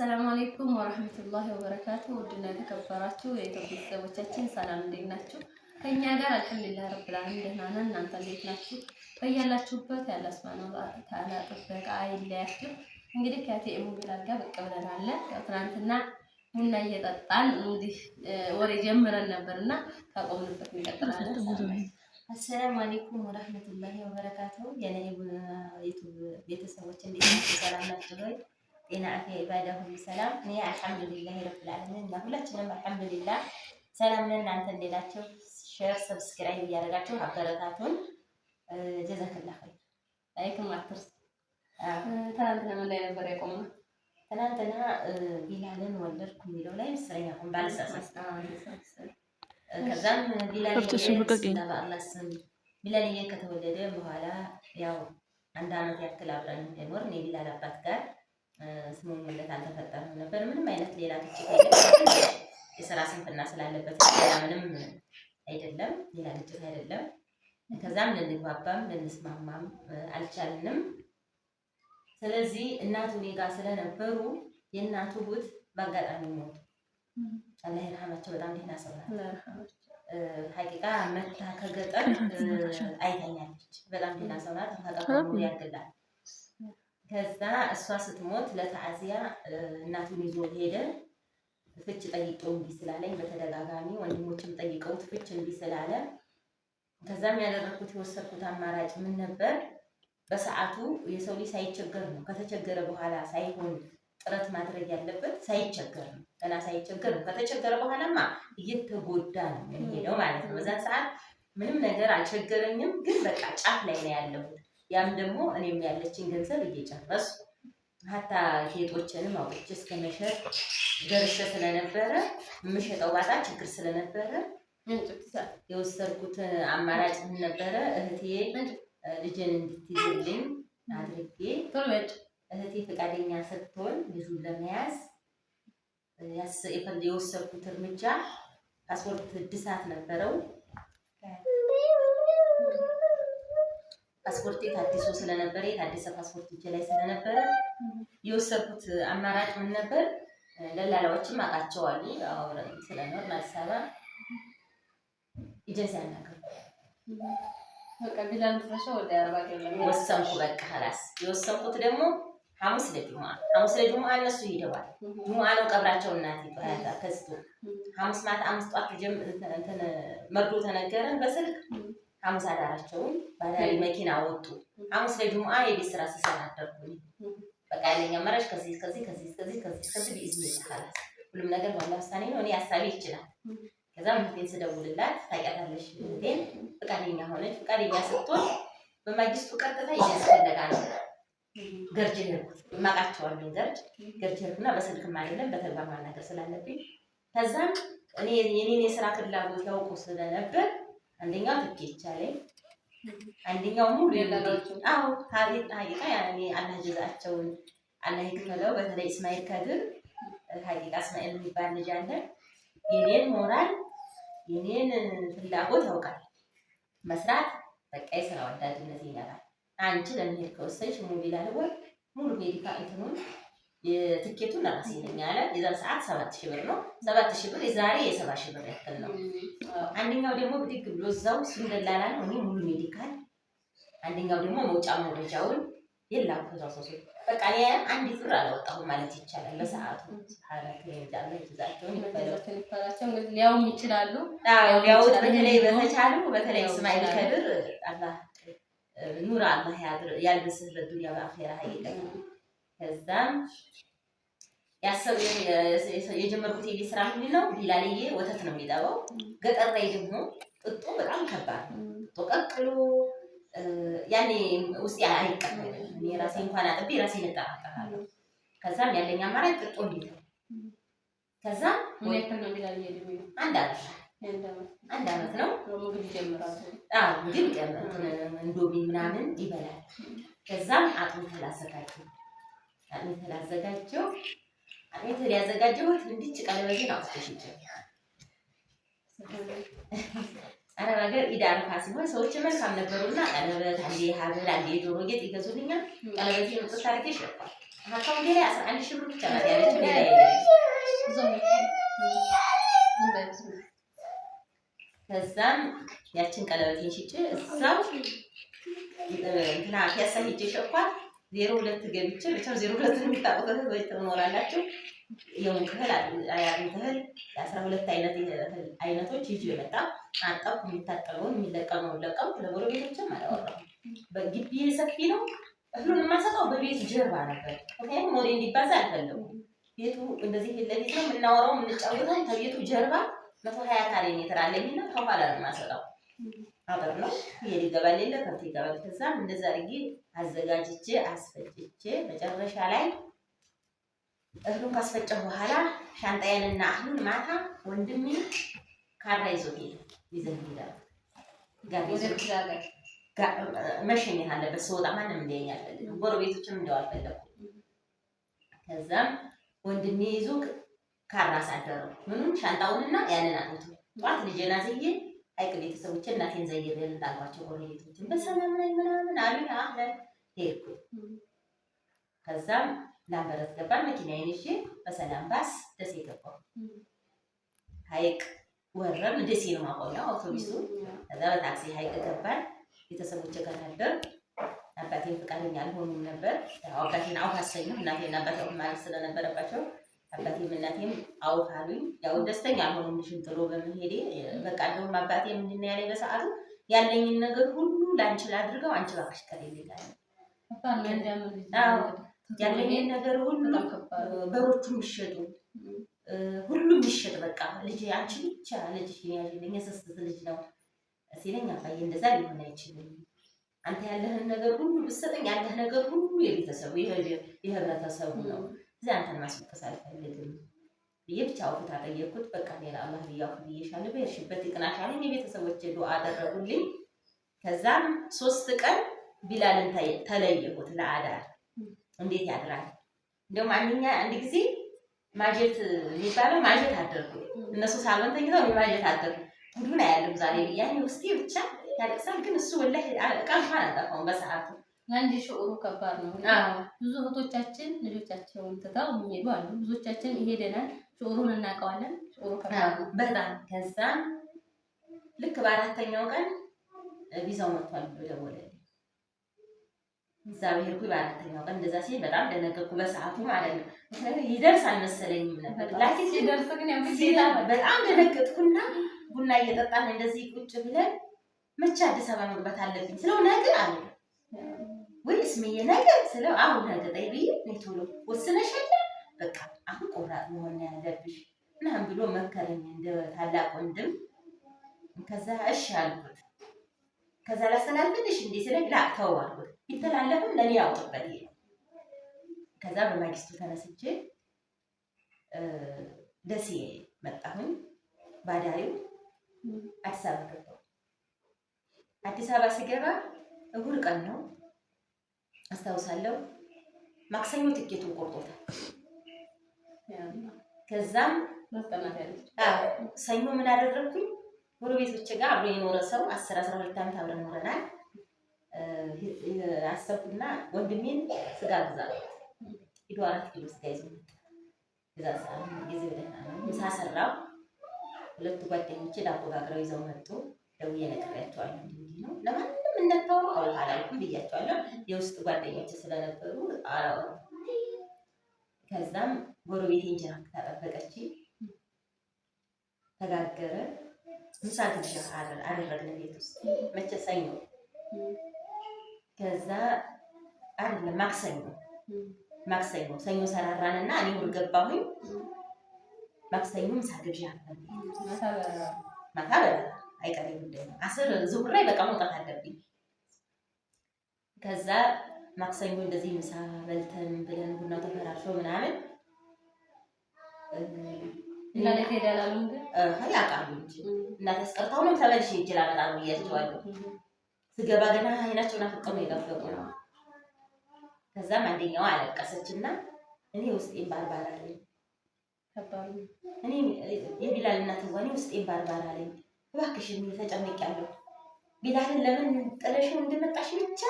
አሰላሙ አሌይኩም ወረህመቱላሂ ወበረካቱ። ውድና የተከበራችሁ የኢትዮጵያ ቤተሰቦቻችን ሰላም፣ እንዴት ናችሁ? ከእኛ ጋር አልሐምዱሊላህ ረብል ዓለሚን ደህና ነን። እናንተ እንዴት ናችሁ? በያላችሁበት ያለ ስማና ተዓላ ጥበቃ አይለያችሁ። እንግዲህ ከቴኤሙ ቢላል ጋር ብቅ ብለናል። ትናንትና ቡና እየጠጣን እንግዲህ ወሬ ጀምረን ነበርና ካቆምንበት እንቀጥላለን። አሰላሙ አሌይኩም ወረህመቱላሂ ወበረካቱ። የኔ ቡና ቤተሰቦች እንዴት ናችሁ? ሰላም ናችሁ? ጤና አፍያ ኢባዳ ሁሉ ሰላም። እኔ አልሐምዱሊላህ ረብል ዓለሚን እና ሁላችንም አልሐምዱሊላህ ሰላም ነን። እናንተ እንዴት ናችሁ? ሼር ሰብስክራይብ እያደረጋችሁ አበረታቱን። ጀዛክላ ኸይር። ላይክም አትርስ። ትናንትና ምን ላይ ነበር ያቆምነው? ትናንትና ቢላልን ወለድኩ የሚለው ላይ መሰለኝ አሁን ባልሳሳት። ቢላልዬ ከተወለደ በኋላ ያው አንድ አመት ያክል አብረን እንደኖር እኔ አባት ጋር ስምምነት አልተፈጠረም ነበር። ምንም አይነት ሌላ ግጭት የስራ ስንፍና ስላለበት ሌላ ምንም አይደለም። ሌላ ግጭት አይደለም። ከዛም ልንግባባም ልንስማማም አልቻልንም። ስለዚህ እናቱ እኔ ጋር ስለነበሩ የእናቱ እህት በአጋጣሚ ሞቱ። አላህ ይርሐማቸው። በጣም ደህና ሰው ናት። ሀቂቃ መታ ከገጠር አይተኛለች። በጣም ደህና ሰው ናት። ያግላል ከዛ እሷ ስትሞት ለታዚያ እናቱን ይዞ ሄደ። ፍች ጠይቀው እንዲህ ስላለኝ በተደጋጋሚ ወንድሞችም ጠይቀውት ፍች እንዲህ ስላለ፣ ከዛም ያደረግኩት የወሰድኩት አማራጭ ምን ነበር? በሰዓቱ የሰው ልጅ ሳይቸገር ነው። ከተቸገረ በኋላ ሳይሆን ጥረት ማድረግ ያለበት ሳይቸገር ነው። ገና ሳይቸገር ነው። ከተቸገረ በኋላማ እየተጎዳ ነው የሚሄደው ማለት ነው። በዛን ሰዓት ምንም ነገር አልቸገረኝም፣ ግን በቃ ጫፍ ላይ ነው ያለሁት ያም ደግሞ እኔም ያለችን ገንዘብ እየጨረሱ ሀታ ጌጦችንም አውጥቼ እስከ መሸጥ ደርሼ ስለነበረ የምሸጠው ባጣ ችግር ስለነበረ የወሰድኩት አማራጭ ነበረ? እህቴ ልጅን እንድትይዝልኝ አድርጌ እህቴ ፈቃደኛ ሰጥቶን ልጁን ለመያዝ የወሰድኩት እርምጃ ፓስፖርት እድሳት ነበረው። ፓስፖርቴ ታድሶ ስለነበረ የታደሰ ፓስፖርት እጄ ላይ ስለነበረ የወሰድኩት አማራጭ ምን ነበር? ደላላዎችም አውቃቸዋሉ አውረን ስለኖር አዲስ አበባ ኤጀንሲ አናገሩ ወሰንኩ። በቃ ላስ የወሰንኩት ደግሞ ሐሙስ ለጁማ ሐሙስ ለጁማ እነሱ ሄደዋል። ጁማ ነው ቀብራቸው እናቴ ከስቶ ሐሙስ ማታ አምስት ጠዋት መርዶ ተነገረን በስልክ ሐሙስ አዳራቸውን ባህላዊ መኪና ወጡ። ሐሙስ ላይ ጁምአ የቤት ስራ ሲሰራ አደርጉኝ በቃ ያለኝ አማራጭ ከዚህ ከዚህ ከዚህ ከዚህ ከዚህ ከዚህ ቢዝኒ ይችላል። ሁሉም ነገር ባላ ውሳኔ ነው። እኔ ሀሳቤ ይችላል። ከዛ ምንቴን ስደውልላት ታውቂያታለሽ፣ ምንቴን ፈቃደኛ ሆነች። ፈቃደኛ ስትሆን በማጅስቱ ቀጥታ እያስፈለጋ ነው ገርጅ ሄድኩት። የማውቃቸዋለሁ ገርጅ ገርጅ ሄድኩና በስልክ አይደለም በተግባር ማናገር ስላለብኝ ከዛም እኔ የኔን የስራ ፍላጎት ያውቁ ስለነበር አንደኛው ትኬቻ ላይ አንደኛው ሙሉ አዎ ሀቂቃ ያኔ አላህ ጀዛቸውን አላህ ይክፈለው። በተለይ እስማኤል ከድር ሀቂቃ እስማኤል የሚባል ልጅ አለ። የኔን ሞራል የኔን ፍላጎት ያውቃል። መስራት በቃ የስራ ወዳጅነት ይነራል። አንቺ ለመሄድ ከወሰንሽ ሙሉ ይላል ወይ ሙሉ ሜዲካ እንትኑን የትኬቱን ለራሴ ነኝ አለ። የዛን ሰዓት ሰባት ሺህ ብር ነው። ሰባት ሺህ ብር የዛሬ የሰባ ሺህ ብር ያክል ነው። አንደኛው ደግሞ ብድግ ብሎ እዛው ስንደላላ ነው። እኔ ሙሉ ሜዲካል፣ አንደኛው ደግሞ መውጫ መውረጃውን የላም ተዛሶሶ በቃ አንድ ብር አላወጣሁም ማለት ይቻላል። በሰዓቱ ሊያውም ይችላሉ ሊያውጥ በተለይ በተቻሉ በተለይ እስማኤል ከድር አላህ ኑር አላህ ያድር ያልብስህ በዱንያ በአኼራ ሀይቀ ከዛም የጀመርኩት የቤት ስራ ምንድን ነው? ሊላልዬ ወተት ነው የሚጠባው ገጠር ላይ ደግሞ ጥጦ በጣም ከባድ ነው። ያኔ ውስጥ አይቀበልም። የራሴ እንኳን አጥቤ ራሴ እጠራጠራለሁ። ከዛም ያለኝ አማራጭ ጥጦ እንዲ ነው። ከዛ አንድ አመት አንድ አመት ነው ምግብ ይጀምራል። ምግብ እንዶሚ ምናምን ይበላል። ከዛም አጥሞ ተላሰቃቸው አኔት ያዘጋጀው አኔት ያዘጋጀሁት እንዲች ቀለበቴን አውጥቼ አረብ ሀገር ኢድ አረፋ ሲሆን ሰዎች መልካም ነበሩና ቀለበት፣ አንዴ ሀብል፣ አንዴ ጆሮ ጌጥ ይገዙልኛል። ቀለበት የምጥት አርጌ ይሸጣል። አካውንቴ ላይ አስራ አንድ ሺህ ብር ብቻ ናት ያለችው። ከዛም ያችን ቀለበቴን ሽጬ እዛው ፒያሳ ሂጄ ሸኳል። ዜሮ ሁለት ገብቼ ብቻ ዜሮ ሁለት የሚታወቀት ወይ ትኖራላችሁ። የሆነ እህል አያሉት እህል የአስራ ሁለት አይነት አይነቶች ይዤ መጣ አጠብኩ። የሚታጠበውን የሚለቀመውን ለቀምኩ። ለጎረቤቶችም አላወራሁም። በግቢ ሰፊ ነው። እህሉን የማሰጠው በቤት ጀርባ ነበር። ምክንያቱም ወሬ እንዲባዛ አልፈለጉም። ቤቱ እንደዚህ ፊት ለፊት ነው የምናወራው፣ የምንጫወተው። ከቤቱ ጀርባ መቶ ሀያ ካሬ ሜትር አለኝና ከኋላ ነው የማሰጠው አበር ነው ይሄ ይገባል የለ ከብት ይገባል። ከዛም እንደዛ አድርጌ አዘጋጅቼ አስፈጭቼ መጨረሻ ላይ እህሉን ካስፈጨ በኋላ ሻንጣዬንና እህሉን ማታ ወንድሜ ካራ ይዞት ይዘን ይላል መሸኘት አለበት ስወጣ ማንም እንዲያየኝ አልፈለግም። ጎረቤቶችም እንደው አልፈለኩም። ከዛም ወንድሜ ይዞ ካራ አሳደረው ምኑን ሻንጣውንና ያንን አጥቶ ጠዋት ልጄን አዝዬ ሀይቅ ቤተሰቦች እናቴን ዘይቤ እንዳሏቸው ጎረቤቶችን በሰላም ላይ ምናምን አሉ አለን ሄድኩ። ከዛም ላምበረት ገባን። መኪና ይዤ በሰላም ባስ ደሴ ገባሁ። ሀይቅ ወረም ደሴ ነው ማቆሚያ አውቶቡሱ። ከዛ በታክሲ ሀይቅ ገባን። ቤተሰቦች ጋር ነበር። አባቴን ፈቃደኛ አልሆኑም ነበር። አውቃቴን አውካሰኙ እናቴን አባቴ ማለት ስለነበረባቸው አባቴም እናቴም አውካሉኝ። ያው ደስተኛ አልሆኑም ልጅን ጥሎ በመሄዴ። በቃ እንደውም አባቴ ምንድን ነው ያለኝ በሰዓቱ ያለኝን ነገር ሁሉ ላንቺ ላድርገው፣ አንቺ እባክሽ ከሌለኝ ያለኝን ነገር ሁሉ በሮቹ ይሸጡ ሁሉም ይሸጥ፣ በቃ ልጅ አንቺ ብቻ ልጅ ያለኝ የሰስት ልጅ ነው ሲለኝ አባዬ እንደዛ ሊሆን አይችልም አንተ ያለህን ነገር ሁሉ ብትሰጠኝ ያለህ ነገር ሁሉ የቤተሰቡ የህብረተሰቡ ነው እዚህ አንተን ማስለቀስ አልፈልግም ብዬ ብቻ አውፍታ ጠየቅኩት። በቃ ሌላ አላህ ብያው ብዬሻለሁ፣ በሄድሽበት ይቅናሽ አለኝ። የቤተሰቦቼ ዱዓ አደረጉልኝ። ከዛም ሶስት ቀን ቢላልን ተለየሁት ለአዳር እንዴት ያድራል። እንደውም አንኛ አንድ ጊዜ ማጀት የሚባለው ማጀት አደርጉ እነሱ ሳሎን ተኝተው ማጀት አደርጉ ሁሉን አያለም ዛሬ ብያኔ ውስጤ ብቻ ያለቅሳል። ግን እሱ ወላሂ ቃል እንኳን አልጠፋውም በሰዓቱ ለአንድ ሽዑሩ ከባድ ነው እና ብዙ እህቶቻችን ልጆቻቸውን ትተው የሚሄዱ አሉ። ብዙዎቻችን ይሄደናል። ሽዑሩን እናውቀዋለን። ሽዑሩ ከባድ ነው በጣም ከዛ ልክ በአራተኛው ቀን ቪዛው መጥቷል ደወለልኝ። እዛ ብሄድኩ በአራተኛው ቀን እንደዛ ሲሄድ በጣም ደነገኩ። በሰዓቱ ማለት ነው። ምክንያቱም ይደርስ አልመሰለኝም ነበር። ላኪን ሲደርስ ግን በጣም ደነገጥኩና ቡና እየጠጣን እንደዚህ ቁጭ ብለን መቼ አዲስ አበባ መግባት አለብኝ ስለው ነገ አለ ወይስ ምን ነገ ስለው አሁን ነገጠኝ ብዬ ቶሎ ወስነሻለ በቃ አሁን ቆራጥ መሆን ያለብሽ ምናምን ብሎ መከረኝ እንደ ታላቅ ወንድም። ከዛ እሺ አልኩት። ከዛ ላስተላልፍልሽ እንዴ ስለ ላ ተው አልኩት። ይተላለፍም ለእኔ ያውጥበት ይሄ ነው። ከዛ በማግስቱ ተነስቼ ደሴ መጣሁኝ። ባዳሪው አዲስ አበባ ገባሁ። አዲስ አበባ ሲገባ እሁድ ቀን ነው። አስታውሳለሁ። ማክሰኞ ትኬቱን ቆርጦታል። ከዛም ሰኞ ምን አደረግኩኝ? ጎረቤቶች ጋር አብሮ የኖረ ሰው አስር አስራ ሁለት ዓመት አብረን ኖረናል። አሰብኩና ወንድሜን ስጋ ግዛ ሂዶ አራት ኪሎ ስጋ ይዞ ግዛ ጊዜ ምሳ ሰራው። ሁለቱ ጓደኞቼ ዳቦ ጋግረው ይዘው መጡ። ደውዬ ነግሬያቸዋለሁ። ለማንም እንዳታወሩ አሁን አላልኩም ብያቸዋለሁ። የውስጥ ጓደኞች ስለነበሩ አላወሩ። ከዛም ጎረቤቴ እንጀራ ተጠበቀች፣ ተጋገረ። ምሳ ግብዣ አደረግን ቤት ውስጥ መቼ ሰኞ ከዛ አይደለም ማክሰኞ ማክሰኞ ሰኞ ሰራራንና እኔ እሑድ ገባሁኝ። ማክሰኞ ምሳ ግብዣ ማታ በላ አይቀሬ ጉዳይ ነው። አስር ዝውውር ላይ በቃ መውጣት አለብኝ። ከዛ ማክሰኞ እንደዚህ ምሳ በልተን ብለን ቡና ተፈራርሾ ምናምን ያውቃሉ እንጂ እናቴ አስቀርታው ነው ተመልሼ እጅል አመጣ ነው ብያቸዋለሁ። ስገባ ገና አይናቸውን አፍቀው ነው የገፈቁ ነው። ከዛም አንደኛዋ አለቀሰች እና እኔ ውስጤን ባርባር አለኝ። እኔ የቢላል እናት ወኔ ውስጤን ባርባር አለኝ። እባክሽን ተጨንቄያለሁ። ቢላልን ለምን ጥለሽው እንደመጣሽ ብቻ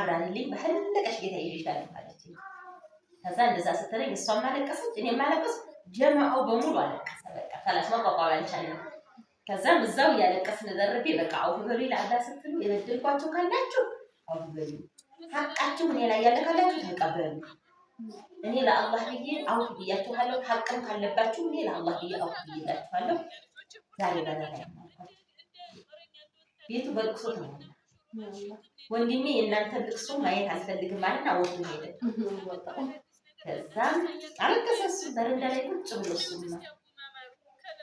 አብራሪልኝ በፈለቀሽ ጌታ ይዤሻለሁ ማለት ነው። ከዛ እንደዛ ስትለኝ እሷም አለቀሰች፣ እኔም አለቀስኩ። ጀማአው በሙሉ አለቀሰ። በቃ ካላስ መቋቋም አልቻለም። ከዛም እዛው እያለቀስን ደርቤ በቃ አውፍ በሉ ለአላ ስትሉ የበደልኳቸው ካላችሁ አውፍ በሉ፣ ሀቃችሁ እኔ ላይ ያለ ካላችሁ ተቀበሉ። እኔ ለአላህ ብዬ አውፍ ብያችኋለሁ። ሀቅም ካለባችሁ እኔ ለአላህ ብዬ አውፍ ብያችኋለሁ። ዛሬ በላይ ቤቱ በልቅሶ ተሞላ። ወንድሜ እናንተ ልቅሶ ማየት አልፈልግም አለና ወጡ ሄደ። ከዛም አለቀሰሱ በረንዳ ላይ ቁጭ ብሎ እሱም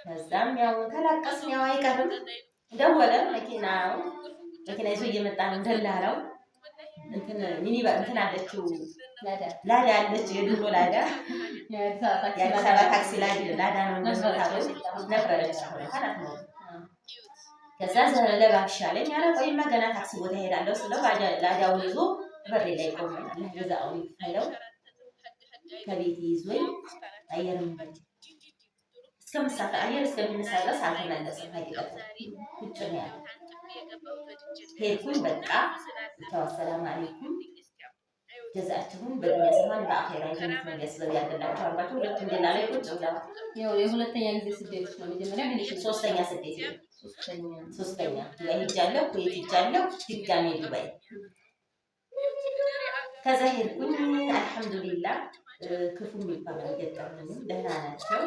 ከዛም ያው ተላቀስን፣ ያው አይቀርም። ደወለ መኪናው መኪና ይዞ እየመጣ ነው ደላለው እንትን ሚኒባ እንትን አለችው ላዳ አለች የድሮ ላዳ የአዲስ አበባ ታክሲ ላዳ ነው ነበረች ሆነ ካላት ነው ከዛ ለባሻ አለኝ አለ ቆይማ ገና ታክሲ ቦታ እሄዳለሁ ስለው ላዳውን ይዞ በሬ ላይ ቆመናል። ገዛውን አይለው ከቤት ይዞኝ አየር እስከምሳፈ አየር እስከምነሳ ድረስ አልተመለስም። ሀቂቀት ቁጭ ነው ያለ ሄድኩኝ። በቃ ተዋ ሰላም አለይኩም ገዛችሁን በዱንያ ሳይሆን በአኼራ ይሁንት መንገስበብ ያገላቸው አባቸው ሁለቱም ገላ ላይ ቁጭ ብላ የሁለተኛ ጊዜ ስደት ነው መጀመሪያ ሶስተኛ ስደት ነው ሶስተኛ ለሄጃለሁ ኩዌት ሄጃለሁ፣ ድጋሜ ዱባይ። ከዛ ሄድኩኝ። አልሐምዱሊላ ክፉ የሚባል አልገጠመኝም። ደህና ናቸው።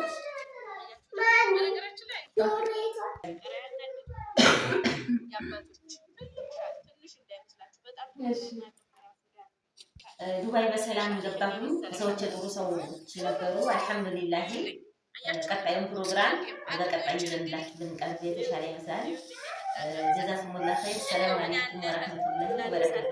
ዱባይ በሰላም ገባሁ። ሰዎች የጥሩ ሰዎች ነበሩ። አልሐምዱሊላ ቀጣዩን ፕሮግራም በቀጣይ ይዘንላችሁ ልንቀርብ የተሻለ ይመስላል። ጀዛኩሙላህ ኸይር። ሰላም አለይኩም ወራህመቱላሂ ወበረካቱ።